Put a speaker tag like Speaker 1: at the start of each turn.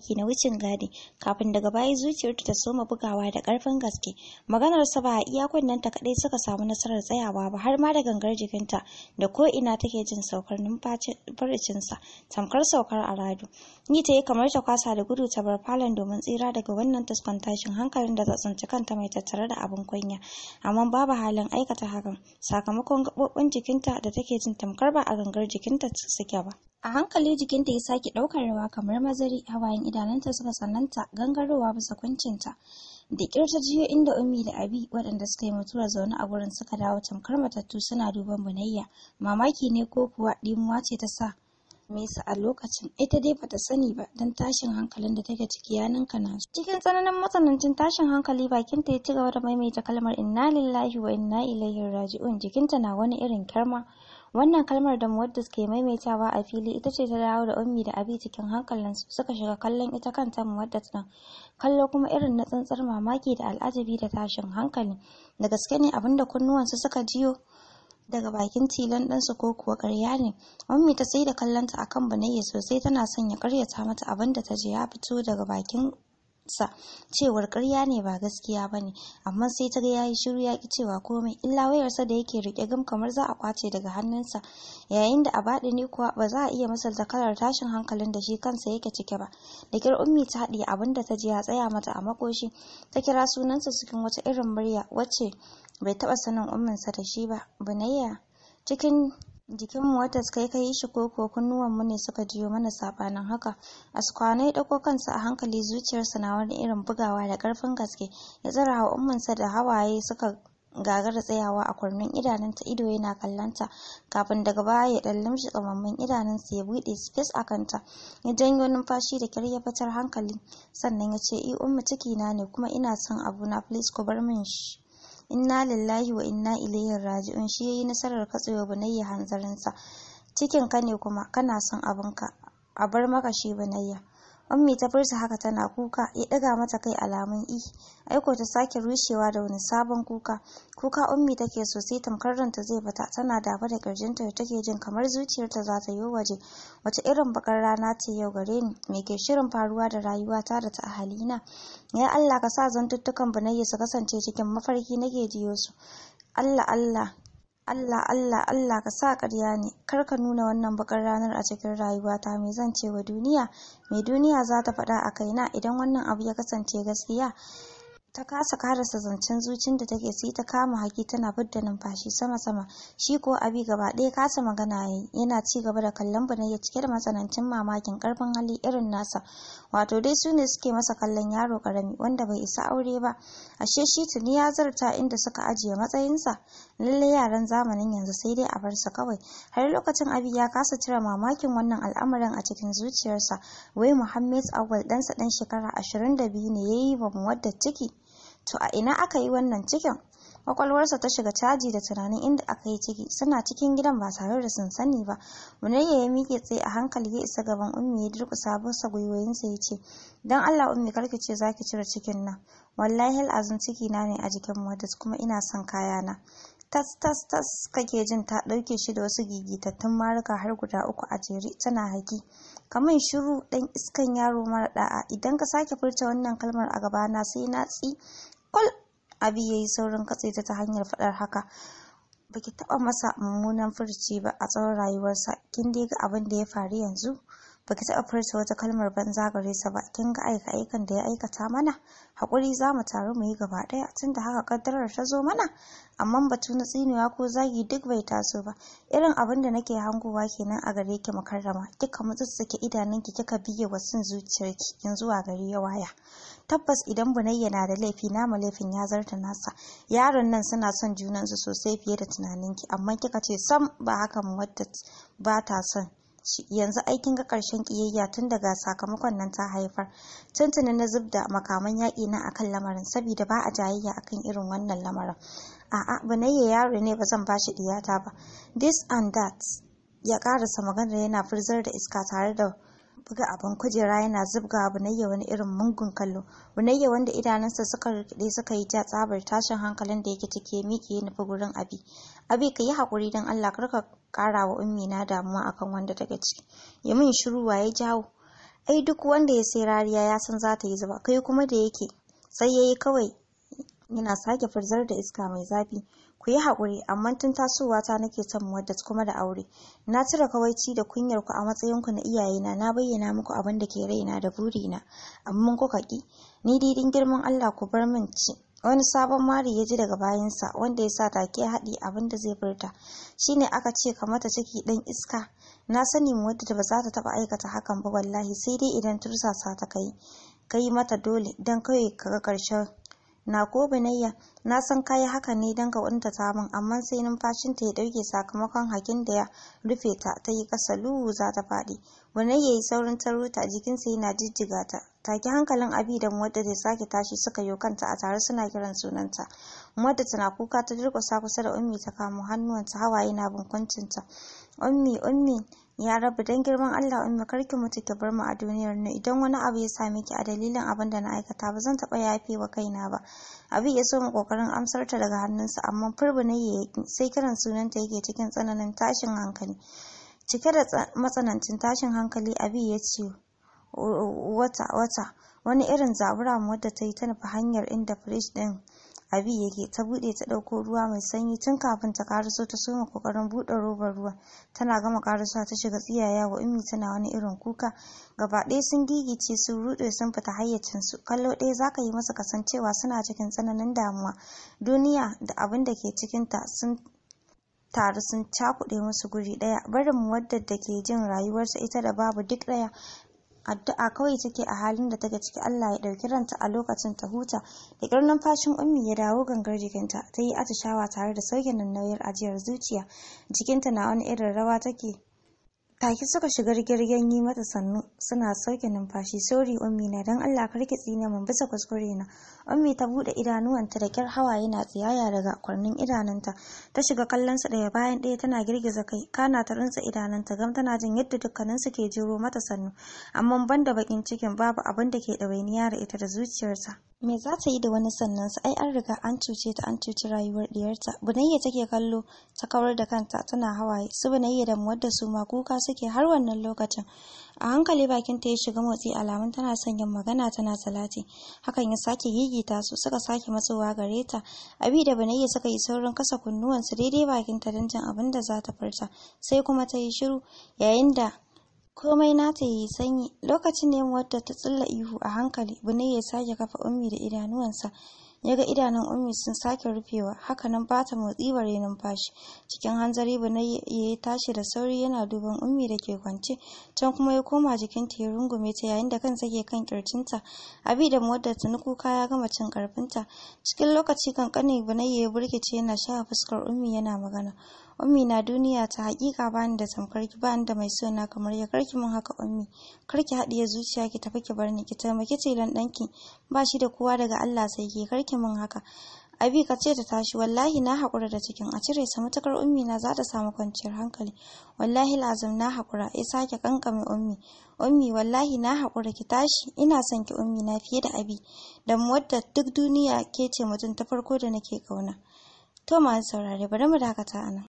Speaker 1: ciki na wucin gadi kafin daga baya zuciyarta ta soma bugawa da ƙarfin gaske maganarsa ba a iyakun nan ta kaɗai suka samu nasarar tsayawa ba har ma da gangar jikinta da ko ina take jin saukar sa tamkar saukar aradu ni ta yi kamar ta kwasa da gudu ta bar falon domin tsira daga wannan taskon tashin hankalin da ta tsinci kanta mai tattare da abin kunya amma babu halin aikata hakan sakamakon gaɓoɓin jikinta da take jin tamkar ba a gangar jikinta suke ba A hankali jikinta ya sake ɗaukar rawa kamar mazari hawayen idanunta suka tsananta gangarowa bisa kwancinta Da ƙyar ta jiyo inda Ummi da Abi waɗanda suka yi mutuwar zaune a wurin suka dawo tamkar matattu suna duban Bunayya. Mamaki ne ko kuwa ɗimuwa ce ta sa Mesa a lokacin ita dai bata sani ba don tashin hankalin da take ciki ya ninka na Cikin tsananin matsanancin tashin hankali bakinta ya ci gaba da maimaita kalmar inna lillahi wa inna ilaihi raji'un jikinta na wani irin karma wannan kalmar da muwaddis ke maimaitawa a fili ita ce ta dawo da ummi da abi cikin hankalinsu suka shiga kallon ita kanta muwaddis din kallo kuma irin na tsantsar mamaki da al'ajabi da tashin hankali da gaske ne abinda kunnuwansu suka jiyo daga bakin tilan ɗansu ko kuwa ƙarya ne ummi ta sai da kallonta akan banayya sosai tana son ya ƙaryata mata abinda ta ji ya fito daga bakin sa cewar ƙarya ne ba gaskiya ba ne amma sai ta ga yayi shiru ya ki cewa komai illa wayarsa da yake rike gam kamar za a kwace daga hannunsa yayin da a baɗi ne kuwa ba za a iya misalta kalar tashin hankalin da shi kansa yake cike ba da kyar ummi ta haɗiye abin da ta ji ya tsaya mata a makoshi ta kira sunansa cikin wata irin murya wacce bai taɓa sanin umminsa da shi ba bunayya cikin jikinmu watas kai ka yi shi koko mu ne suka jiyo mana sabanin haka askwana ya ɗauko kansa a hankali zuciyarsa na wani irin bugawa da karfin gaske ya tsara wa ummansa da hawaye suka gagara tsayawa a kurmin idanunta ido yana kallanta kafin daga baya ya dan lamshi tsamammin idanunsa ya buɗe space a kanta ya janyo numfashi da kyar ya hankali sannan ya ce i eh, umma ciki na ne kuma ina son abu na please ku bar min shi inna lillahi wa inna ilaihi raji'un shi yayi nasarar katsewa bunayya hanzarinsa cikin ka ne kuma kana son abinka a bar maka shi bunayya Ummi ta furta haka tana kuka, ya ɗaga mata kai alamun i. Aiko ta sake rushewa da wani sabon kuka. Kuka Ummi take sosai tamkar ranta zai bata tana dafa da kirjinta da take jin kamar zuciyarta za ta yi waje. Wata irin bakar rana ce yau gare ni, me ke shirin faruwa da rayuwa ta da ta ahalina. Ya Allah ka sa zantuttukan banayya su kasance cikin mafarki nake jiyo su. Allah Allah Allah Allah Allah ka sa karya ne kar ka nuna wannan bakar ranar a cikin rayuwata me zan ce wa duniya me duniya za ta faɗa a kaina idan wannan abu ya kasance gaskiya ta kasa karasa zancen zucin da take sai ta kama haki tana fidda numfashi sama-sama shi ko abi gaba ɗaya kasa magana yayi yana ci gaba da kallon bunayya cike da matsanancin mamakin karfin hali irin nasa wato dai su ne suke masa kallon yaro karami wanda bai isa aure ba ashe shi tuni ya zarta inda suka ajiye matsayinsa lalle yaran zamanin yanzu sai dai a bar sa kawai har lokacin abi ya kasa cire mamakin wannan al'amarin a cikin zuciyarsa wai muhammed awal ɗansa ɗan shekara ashirin da biyu ne ya yi mu wadda ciki to a ina aka yi wannan cikin kwakwalwarsa ta shiga caji da tunanin inda aka yi ciki suna cikin gidan ba tare da sun sani ba munayya ya miƙe tsaye a hankali ya isa gaban ummi ya durƙusa bisa gwiwoyinsa ya ce don allah ummi karki ce za ki cire cikin nan wallahi azun ciki na ne a jikin modis kuma ina son kayana tas tas tas kake jin ta ɗauke shi da wasu gigitattun maruka har guda uku a jere tana haki kamar shiru ɗan iskan yaro mara da'a idan ka sake furta wannan kalmar a gabana sai na tsi kul abi yayi saurin katse ta ta hanyar faɗar haka baki taɓa masa mummunan furci ba a tsawon rayuwarsa kin dai ga abin da ya faru yanzu ba ki taɓa furta wata kalmar banza gare sa ba kin ga aika aikan da ya aikata mana haƙuri za mu taru mu yi gaba ɗaya tunda haka ƙaddarar ta zo mana amma batu na tsinewa ko zagi duk bai taso ba irin abin da nake hangowa kenan a gare ki mukarrama kika idanun idanunki kika biye wa zuciyar zuciyarki kin zuwa gari ya waya tabbas idan bunayya na da laifi nama laifin ya zarta nasa yaron nan suna son junansu sosai fiye da tunaninki amma kika ce sam ba haka mu wadda ba ta son yanzu aikin ga ƙarshen ƙiyayya tun daga sakamakon nan ta haifar tuntuni na zub da makaman yaƙi na akan lamarin saboda ba a jayayya akan irin wannan lamarin a'a iya yaro ne ba zan bashi diyata ba this and that ya ƙarasa maganar yana furzar da iska tare da buga abin kujera yana zubga bunayya wani irin mungun kallo bunayya wanda idanunsa suka rikide suka yi ja tsabar tashin hankalin da yake cike miki ya nufi gurin abi abi ka yi haƙuri don allah karka kara wa ummi na damuwa akan wanda daga ciki ya min shiru ya jawo ai duk wanda ya sai rariya ya san za ta yi zuba kai kuma da yake sai ya yi kawai yana sake furzar da iska mai zafi ku yi haƙuri amma tun tasowa ta nake son mu muwaddat kuma da aure na cire kawaici da kunyar ku a matsayin ku na iyayena na bayyana muku abin da ke raina da burina amma kuka kaki? ni didin girman Allah ku bar min ci wani sabon mari ya ji daga bayansa wanda ya sa take haɗi abin da zai furta shine aka ce ka mata ciki ɗan iska na sani mu wadda ba za ta taɓa aikata hakan ba wallahi sai dai idan tursasa ta kai kai mata dole don kawai ga ƙarshen na ko binayya na san kayi haka ne don ka ta min amma sai numfashinta ya dauke sakamakon hakin da ya rufe ta ta yi kasa luhu za ta faɗi ya yayi saurin a jikinsa yana jijjiga ta take hankalin abi da wadda da sake tashi suka yo kanta a tare suna kiran sunanta wadda tana kuka ta durƙusa kusa da ummi ta kamo hannuwanta hawaye na bunkuncinta ummi ummi Ya rabu don girman Allah kar karki mutu ki bar mu a duniyar nan idan wani abu ya same ki a dalilin abin da na aikata ba zan taba yafe wa kaina ba. Abi ya so mu kokarin amsar ta daga hannunsa amma furbuna ya sai kiran sunanta yake cikin tsananin tashin hankali. Cike da matsanancin tashin hankali Abi ya ce wata wata wani irin zabura mu wadda ta yi ta nufi hanyar inda fridge ɗin. abi yake ta bude ta dauko ruwa mai sanyi tun kafin ta karaso ta soma kokarin buɗe robar ruwa tana gama karasuwa ta shiga tsiyaya wa ummi tana wani irin kuka gaba ɗaya sun gigice su ruɗe sun fita hayyacin su kallo ɗaya zaka yi masa kasancewa suna cikin tsananin damuwa duniya da abin da ke cikin ta sun taru sun cakuɗe musu guri ɗaya barin wadda da ke jin rayuwarsa ita da babu duk ɗaya addu'a kawai take a halin da take ciki Allah ya ɗauki ranta a lokacin ta huta da ƙyar numfashin ummi ya dawo gangar jikinta ta yi atishawa tare da sauke nan nauyar ajiyar zuciya jikinta na wani irin rawa take Taki suka shiga rigirgen yi mata sannu suna sauke numfashi sori ummi na dan Allah karki tsina mun bisa kuskure na. Ummi ta bude idanuwanta da kyar hawa yana tsiyaya daga kwarnin idanunta. Ta shiga kallon su daya bayan daya tana girgiza kai kana ta rantsa idanunta gam tana jin yadda dukkanin su ke jiro mata sannu. Amma banda bakin cikin babu abin da ke dawainiya da ita da zuciyarsa. me za ta yi da wani sannan su ai an riga an cuce ta an cuci rayuwar diyarta bunayya take kallo ta kawar da kanta tana hawaye su bunayya da muwadda su ma kuka suke har wannan lokacin a hankali bakin ta ya shiga motsi alamun tana son yin magana tana salati hakan ya sake gigita su suka sake matsowa gare ta abi da bunayya suka yi saurin kasa su daidai bakin ta don jin abin da za ta furta sai kuma ta yi shiru yayin da komai nata yi sanyi lokacin ne wadda ta tsilla ihu a hankali bane ya sake kafa ummi da idanuwansa ya ga idanun ummi sun sake rufewa haka nan bata motsi bare numfashi cikin hanzari na ya tashi da sauri yana duban ummi da ke kwance can kuma ya koma jikin ta ya rungume ta yayin da kansa ke kan kirjinta abi da muwadda tuni kuka ya gama cin karfinta cikin lokaci kankani na ya burkice yana shafa fuskar ummi yana magana ummi na duniya ta hakika bani da tamkar ki bani da mai sona kamar ya karki mun haka ummi karki haɗiye zuciya ki tafi ki bar ni ki taimaki tilan ɗanki ba shi da kowa daga Allah sai ki karki sake min haka abi ka ce ta tashi wallahi na hakura da cikin a cire sa matakar ummi na za ta samu kwanciyar hankali wallahi lazim na hakura ya sake kankame ummi ummi wallahi na hakura ki tashi ina son ki ummi na fiye da abi da wadda duk duniya ke ce mutum ta farko da nake kauna to masu saurare bari mu dakata anan